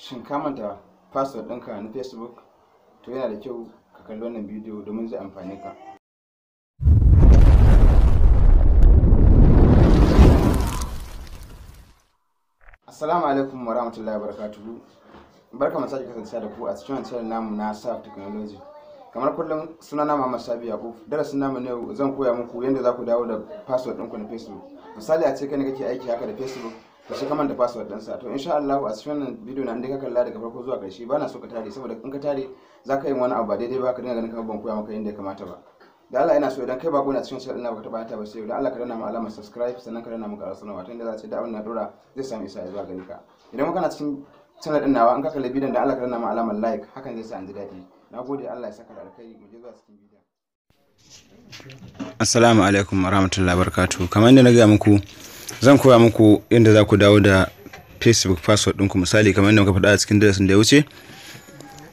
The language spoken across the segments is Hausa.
shin ka manta password ɗinka na facebook to yana da kyau ka kalli wannan bidiyo domin zai amfane ka assalamu alaikum wa rahmatullahi wa barakatuhu barka mu sake kasance da ku a cikin wancan namu na saf technology kamar kullum suna sunana Muhammad Sabi Yakub darasin namu ne zan koya muku yadda za ku dawo da password ɗinku na Facebook misali a ce kai ne kake aiki haka da Facebook ka shiga man da password din sa to insha Allah a cikin wannan bidiyo na inda ka kalla daga farko zuwa ƙarshe bana so ka tare saboda in ka tare za ka yi wani abu ba daidai ba ka dinga ganin kamar ban koya maka yadda ya kamata ba da Allah yana so idan kai bako na cikin shirin baka taba ta ba sai da Allah ka dana mu alamar subscribe sannan ka dana mu karatu sanarwa ta inda za a ce da abin na dora zai samu isa zuwa gari ka idan muka na cikin sanar din nawa in ka kalli bidiyon da Allah ka dana mu alamar like hakan zai sa an ji daɗi nagode Allah ya saka da alkhairi mu je zuwa cikin bidiyon Assalamu alaikum warahmatullahi wabarakatuh kamar yadda na gaya muku zan koya muku inda za ku dawo da facebook password ɗinku misali kamar yadda muka faɗa a cikin darasin da ya wuce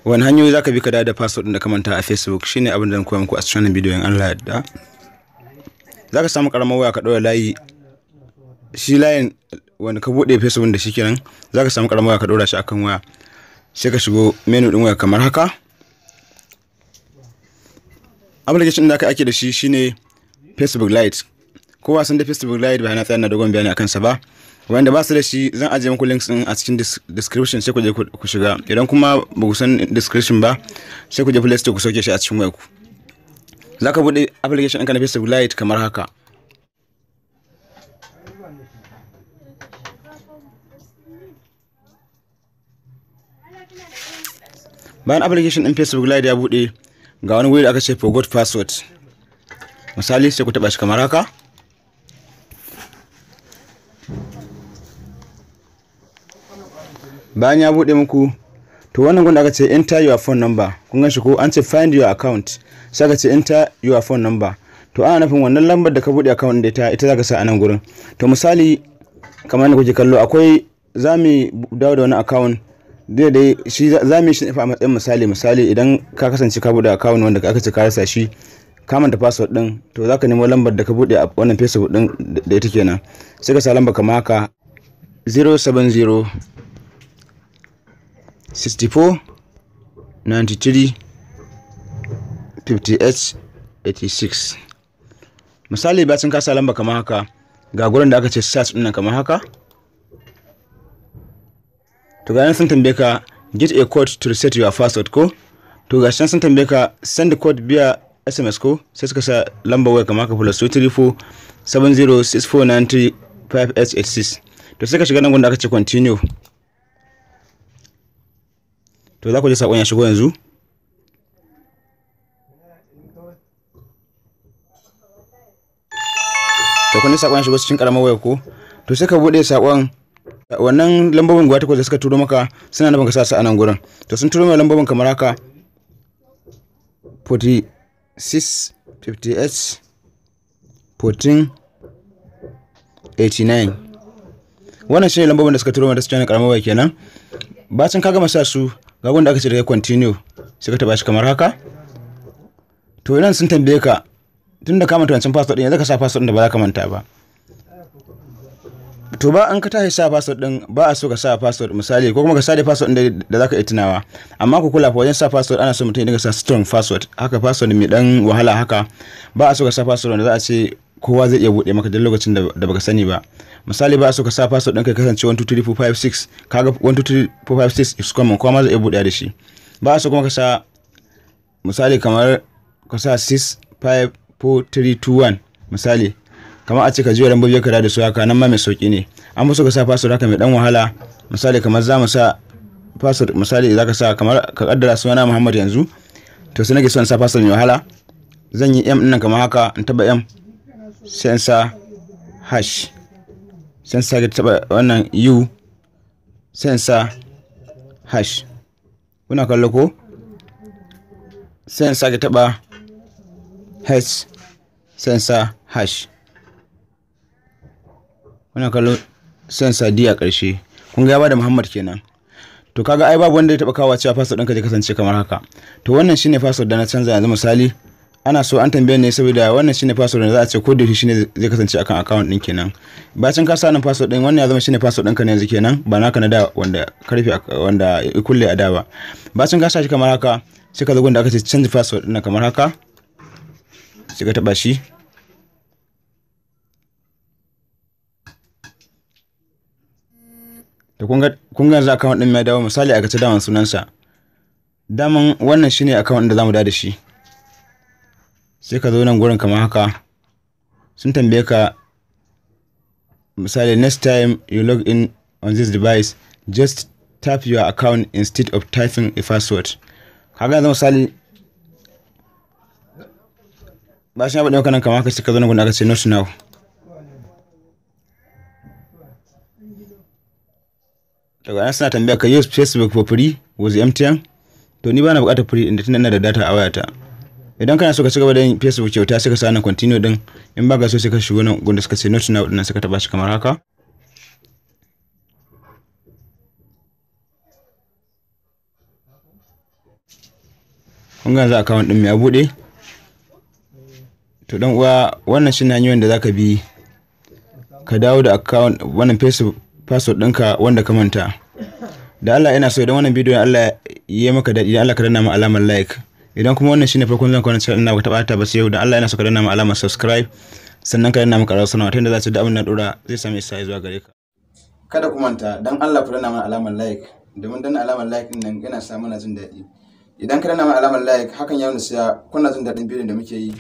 wani hanyoyi za ka bi ka dawo da password ɗin da ka manta a facebook shine abin da zan koya muku a cikin bidiyon allah yadda za ka samu ƙaramar waya ka ɗaura layi shi layin wanda ka buɗe facebook da shi kenan za ka samu ƙaramar waya ka ɗora shi akan waya sai ka shigo menu ɗin waya kamar haka application da aka ake da shi shine facebook lite kowa sun da facebook live ba na tsayar na dogon bayani akan sa ba wanda ba su da shi zan ajiye muku links din a cikin description sai ku je ku shiga idan kuma ba ku san description ba sai ku je play store ku soke shi a cikin wayarku za ka buɗe application ɗinka na facebook live kamar haka bayan application ɗin facebook live ya buɗe ga wani wuri da aka ce forgot password misali sai ku taɓa shi kamar haka bayan ya buɗe muku to wannan gwanda aka ce enter your phone number kun gan shi ko an ce find your account sai aka ce enter your phone number to ana nufin wannan lambar da ka buɗe account da ita ita zaka sa a nan gurin to misali kamar da kuke kallo akwai za mu dawo da wani account dai dai shi za mu shi a matsayin misali misali idan ka kasance ka buɗe account wanda aka ce ka rasa shi ka manta password din to zaka nemo lambar da ka bude a wannan facebook din da ita kenan sai ka sa lambar kamar haka 070 64 93 58 86 misali bacin ka sa lamba kamar haka ga gurin da aka ce search ɗin kamar haka to ga sun tambaye ka get a code to reset your password ko to ga sun tambaye ka send code via sms ko sai suka sa lambar waya kamar ka plus 234 to sai ka shiga nan da aka ce continue to za ku ji sakon ya shigo yanzu to kun sakon ya shigo cikin karamar waya ko to sai ka bude sakon wannan lambobin guda takwas da suka turo maka suna nufin ka sa su a nan gurin to sun turo mai lambobin kamar haka 40 6:58,14:89, 58 14 89 wannan shi ne lambobin da suka turo mata su cana karamar kenan bacin ka gama sa su ga wanda aka ce daga continue sai ka taba shi kamar haka to nan sun tambaye ka tunda ka manta wancan password din yanzu ka sa password din da ba za ka manta ba to ba an ka tashi sa password din ba a so ka sa password misali ko kuma ka sade password din da zaka iya tunawa amma ku kula fa wajen sa password ana so mutum ya dinga sa strong password haka password mai dan wahala haka ba a so ka sa password da za a ce kowa zai iya buɗe maka duk lokacin da baka sani ba misali ba a so ka sa password kai kasance 123456 kaga 123456 is common kowa ma zai iya buɗe da shi ba a so kuma ka sa misali kamar ka sa 654321 misali kamar a cika juya lambobi ka da su haka nan ma mai sauki ne an musu ka sa password haka mai dan wahala misali kamar za mu sa password misali za ka sa kamar ka kaddara suna Muhammad yanzu to sai nake son sa password mai wahala zan yi m ɗinnan kamar haka in taba m sai in sa hash sai in sa ga taba wannan u sai in sa hash kuna kallo ko sai in sa ga taba hash sai in sa hash wannan kallon san sadi a ƙarshe kun ga ya bada muhammad kenan to kaga ai babu wanda ya taba kawo cewa password ɗinka zai kasance kamar haka to wannan shine password da na canza yanzu misali ana so an tambaye ne saboda wannan shine password da za a ce ko da shine zai kasance akan account din kenan bacin ka sanin password din wannan ya zama shine password ɗinka ne yanzu kenan ba naka na da wanda karfi wanda ya kulle a da ba bacin ka shi kamar haka sai ka zo gunda aka ce change password ɗin kamar haka sai ka taba shi Da kun ga za account din ya dawo misali a gaci daman sunansa daman wannan shine ɗin da zamu da da shi sai ka zo nan gurin kamar haka sun tambaye ka misali next time you log in on this device just tap your account instead of typing a password kaga yanzu misali ba shi ya faɗi maka nan kamar haka sai ka zo nan gurin aka ce not now daga nan suna tambaya ka use facebook for free with mtn to ni bana bukatar free inda tunda ina da data a wayata idan kana so ka cigaba da yin facebook kyauta sai ka sa continue din in ba ka so sai ka shigo nan gunda suka ce not now din suka taba shi kamar haka kun ga yanzu account din mai a bude to dan uwa wannan shine hanyoyin da zaka bi ka dawo da account wannan facebook password ɗinka wanda ka manta da Allah yana so idan wannan bidiyon Allah ya maka daɗi idan Allah ka danna mu alamar like idan kuma wannan shine farkon zan kwana cikin ina ba taɓa ta ba sai yau da Allah yana so ka danna mu alamar subscribe sannan ka danna mu karar sanawa ta yadda za su da abin na dora zai sami isa zuwa gare ka kada ku manta dan Allah ku danna mu alamar like domin danna alamar like din nan yana sa mana jin daɗi idan ka danna mu alamar like hakan ya nuna cewa kuna jin daɗin bidiyon da muke yi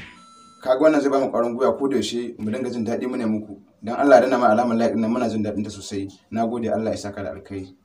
kaga wannan zai ba mu ƙwarin gwiwa ko da yaushe mu dinga jin daɗi mu ne muku dan Allah ya dana mana alamar like din muna jin daɗin ta sosai nagode Allah ya saka da alkai